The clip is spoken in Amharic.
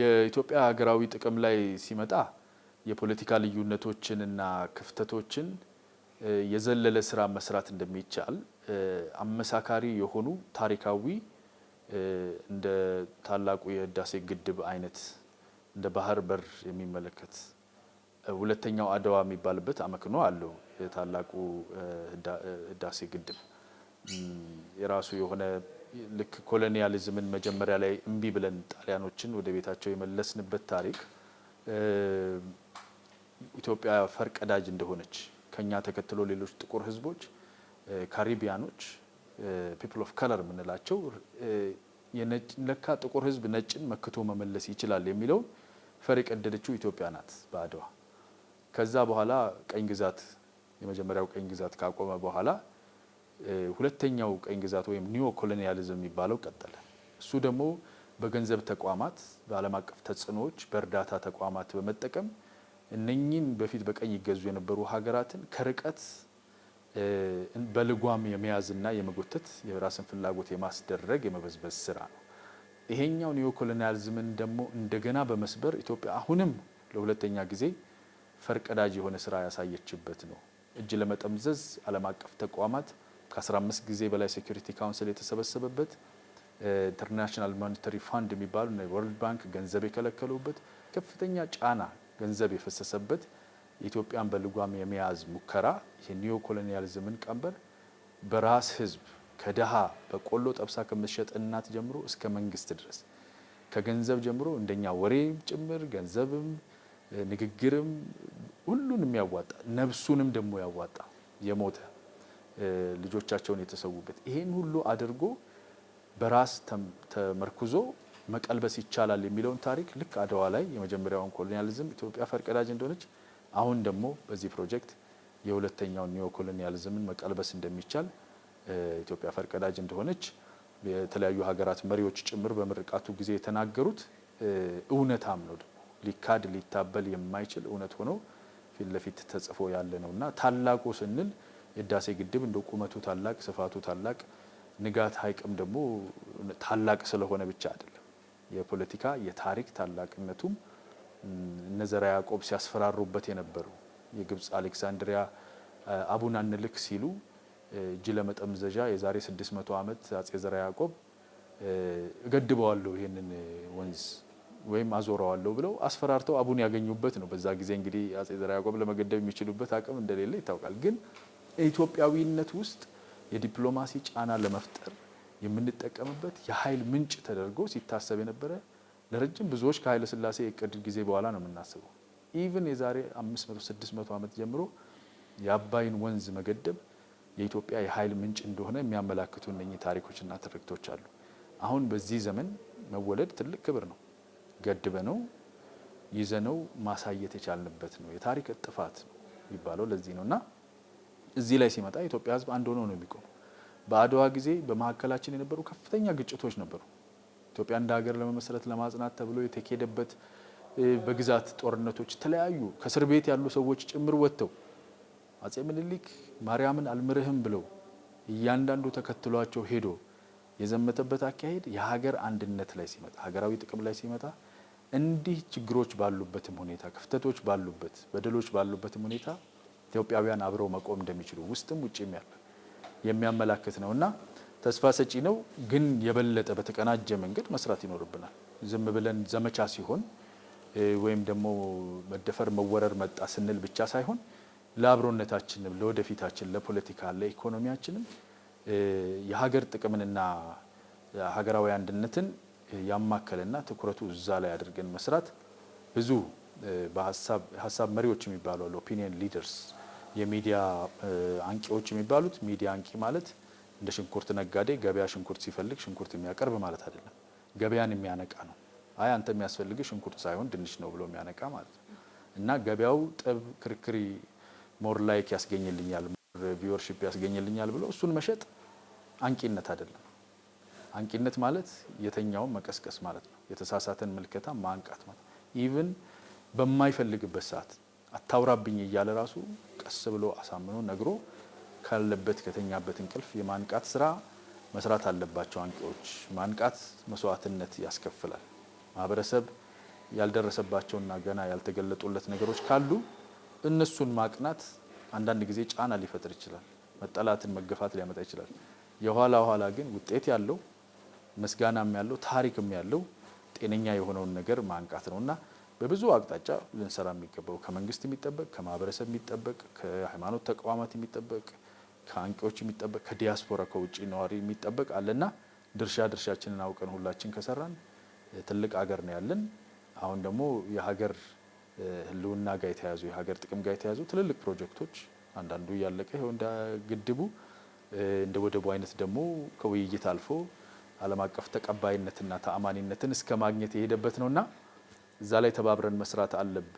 የኢትዮጵያ ሀገራዊ ጥቅም ላይ ሲመጣ የፖለቲካ ልዩነቶችንና ክፍተቶችን የዘለለ ስራ መስራት እንደሚቻል አመሳካሪ የሆኑ ታሪካዊ እንደ ታላቁ የህዳሴ ግድብ አይነት እንደ ባህር በር የሚመለከት ሁለተኛው አድዋ የሚባልበት አመክንዮ አለው የታላቁ ህዳሴ ግድብ። የራሱ የሆነ ልክ ኮሎኒያሊዝምን መጀመሪያ ላይ እምቢ ብለን ጣሊያኖችን ወደ ቤታቸው የመለስንበት ታሪክ ኢትዮጵያ ፈርቀዳጅ እንደሆነች ከኛ ተከትሎ ሌሎች ጥቁር ህዝቦች ካሪቢያኖች ፒፕል ኦፍ ከለር የምንላቸው ለካ ጥቁር ህዝብ ነጭን መክቶ መመለስ ይችላል የሚለውን ፈር የቀደደችው ኢትዮጵያ ናት በአድዋ። ከዛ በኋላ ቀኝ ግዛት የመጀመሪያው ቀኝ ግዛት ካቆመ በኋላ ሁለተኛው ቀኝ ግዛት ወይም ኒዮ ኮሎኒያሊዝም የሚባለው ቀጠለ። እሱ ደግሞ በገንዘብ ተቋማት፣ በዓለም አቀፍ ተጽዕኖዎች፣ በእርዳታ ተቋማት በመጠቀም እነኚህን በፊት በቀኝ ይገዙ የነበሩ ሀገራትን ከርቀት በልጓም የመያዝና የመጎተት የራስን ፍላጎት የማስደረግ የመበዝበዝ ስራ ነው። ይሄኛው ኒዮ ኮሎኒያሊዝምን ደግሞ እንደገና በመስበር ኢትዮጵያ አሁንም ለሁለተኛ ጊዜ ፈርቀዳጅ የሆነ ስራ ያሳየችበት ነው። እጅ ለመጠምዘዝ ዓለም አቀፍ ተቋማት ከ15 ጊዜ በላይ ሴኩሪቲ ካውንስል የተሰበሰበበት ኢንተርናሽናል ሞኔተሪ ፋንድ የሚባሉ ወርልድ ባንክ ገንዘብ የከለከሉበት ከፍተኛ ጫና ገንዘብ የፈሰሰበት ኢትዮጵያን በልጓም የመያዝ ሙከራ የኒዮ ኮሎኒያሊዝምን ቀንበር በራስ ህዝብ ከድሃ በቆሎ ጠብሳ ከምትሸጥ እናት ጀምሮ እስከ መንግስት ድረስ ከገንዘብ ጀምሮ እንደኛ ወሬም ጭምር ገንዘብም ንግግርም ሁሉንም ያዋጣ ነፍሱንም ደግሞ ያዋጣ የሞተ ልጆቻቸውን የተሰዉበት። ይሄን ሁሉ አድርጎ በራስ ተመርኩዞ መቀልበስ ይቻላል የሚለውን ታሪክ ልክ አድዋ ላይ የመጀመሪያውን ኮሎኒያሊዝም ኢትዮጵያ ፈርቀዳጅ እንደሆነች አሁን ደግሞ በዚህ ፕሮጀክት የሁለተኛውን ኒዮ ኮሎኒያሊዝምን መቀልበስ እንደሚቻል ኢትዮጵያ ፈርቀዳጅ እንደሆነች የተለያዩ ሀገራት መሪዎች ጭምር በምርቃቱ ጊዜ የተናገሩት እውነታም ነው። ሊካድ ሊታበል የማይችል እውነት ሆኖ ፊት ለፊት ተጽፎ ያለ እና ታላቁ ስንል የህዳሴ ግድብ እንደ ቁመቱ ታላቅ፣ ስፋቱ ታላቅ፣ ንጋት ሀይቅም ደግሞ ታላቅ ስለሆነ ብቻ አይደለም። የፖለቲካ የታሪክ ታላቅነቱም እነዘራ ያዕቆብ ሲያስፈራሩበት የነበሩ የግብፅ አሌክሳንድሪያ አቡን አንልክ ሲሉ እጅ ለመጠምዘዣ የዛሬ 600 ዓመት አጼ ዘራ ያዕቆብ እገድበዋለሁ ይህንን ወንዝ ወይም አዞረዋለሁ ብለው አስፈራርተው አቡን ያገኙበት ነው። በዛ ጊዜ እንግዲህ አጼ ዘራ ያዕቆብ ለመገደብ የሚችሉበት አቅም እንደሌለ ይታወቃል ግን ኢትዮጵያዊነት ውስጥ የዲፕሎማሲ ጫና ለመፍጠር የምንጠቀምበት የኃይል ምንጭ ተደርጎ ሲታሰብ የነበረ ለረጅም ብዙዎች ከኃይለ ስላሴ የቅድ ጊዜ በኋላ ነው የምናስበው። ኢቭን የዛሬ 5600 ዓመት ጀምሮ የአባይን ወንዝ መገደብ የኢትዮጵያ የኃይል ምንጭ እንደሆነ የሚያመላክቱ እነኚህ ታሪኮችና ትርክቶች አሉ። አሁን በዚህ ዘመን መወለድ ትልቅ ክብር ነው። ገድበ ነው ይዘነው ማሳየት የቻልንበት ነው። የታሪክ እጥፋት የሚባለው ለዚህ ነው እና እዚህ ላይ ሲመጣ የኢትዮጵያ ህዝብ አንድ ሆኖ ነው የሚቆም። በአድዋ ጊዜ በመካከላችን የነበሩ ከፍተኛ ግጭቶች ነበሩ። ኢትዮጵያ እንደ ሀገር ለመመስረት ለማጽናት ተብሎ የተኬደበት በግዛት ጦርነቶች የተለያዩ ከእስር ቤት ያሉ ሰዎች ጭምር ወጥተው አጼ ምኒልክ ማርያምን አልምርህም ብለው እያንዳንዱ ተከትሏቸው ሄዶ የዘመተበት አካሄድ የሀገር አንድነት ላይ ሲመጣ ሀገራዊ ጥቅም ላይ ሲመጣ እንዲህ ችግሮች ባሉበትም ሁኔታ ክፍተቶች ባሉበት በደሎች ባሉበትም ሁኔታ ኢትዮጵያውያን አብረው መቆም እንደሚችሉ ውስጥም ውጭም ያለ የሚያመላክት ነው እና ተስፋ ሰጪ ነው። ግን የበለጠ በተቀናጀ መንገድ መስራት ይኖርብናል። ዝም ብለን ዘመቻ ሲሆን ወይም ደግሞ መደፈር መወረር መጣ ስንል ብቻ ሳይሆን ለአብሮነታችንም፣ ለወደፊታችን፣ ለፖለቲካ፣ ለኢኮኖሚያችንም የሀገር ጥቅምንና ሀገራዊ አንድነትን ያማከለና ትኩረቱ እዛ ላይ አድርገን መስራት ብዙ በሀሳብ መሪዎች የሚባሉ ኦፒኒየን ሊደርስ የሚዲያ አንቂዎች የሚባሉት ሚዲያ አንቂ ማለት እንደ ሽንኩርት ነጋዴ ገበያ ሽንኩርት ሲፈልግ ሽንኩርት የሚያቀርብ ማለት አይደለም። ገበያን የሚያነቃ ነው። አይ አንተ የሚያስፈልግ ሽንኩርት ሳይሆን ድንች ነው ብሎ የሚያነቃ ማለት ነው። እና ገበያው ጥብ ክርክሪ ሞር ላይክ ያስገኝልኛል፣ ቪወርሺፕ ያስገኝልኛል ብሎ እሱን መሸጥ አንቂነት አይደለም። አንቂነት ማለት የተኛውን መቀስቀስ ማለት ነው። የተሳሳተን ምልከታ ማንቃት ማለት ኢቭን በማይፈልግበት ሰዓት አታውራብኝ እያለ ራሱ ቀስ ብሎ አሳምኖ ነግሮ ካለበት ከተኛበት እንቅልፍ የማንቃት ስራ መስራት አለባቸው አንቂዎች። ማንቃት መስዋዕትነት ያስከፍላል። ማህበረሰብ ያልደረሰባቸውና ገና ያልተገለጡለት ነገሮች ካሉ እነሱን ማቅናት አንዳንድ ጊዜ ጫና ሊፈጥር ይችላል። መጠላትን፣ መገፋት ሊያመጣ ይችላል። የኋላ ኋላ ግን ውጤት ያለው ምስጋናም ያለው ታሪክም ያለው ጤነኛ የሆነውን ነገር ማንቃት እና በብዙ አቅጣጫ ልንሰራ የሚገባው ከመንግስት የሚጠበቅ ከማህበረሰብ የሚጠበቅ ከሃይማኖት ተቋማት የሚጠበቅ ከአንቂዎች የሚጠበቅ ከዲያስፖራ ከውጭ ነዋሪ የሚጠበቅ አለና ድርሻ ድርሻችንን አውቀን ሁላችን ከሰራን ትልቅ ሀገር ነው ያለን። አሁን ደግሞ የሀገር ህልውና ጋር የተያዙ የሀገር ጥቅም ጋር የተያዙ ትልልቅ ፕሮጀክቶች አንዳንዱ እያለቀ ይኸው እንደ ግድቡ እንደ ወደቡ አይነት ደግሞ ከውይይት አልፎ ዓለም አቀፍ ተቀባይነትና ተአማኒነትን እስከ ማግኘት የሄደበት ነውና እዛ ላይ ተባብረን መስራት አለብን።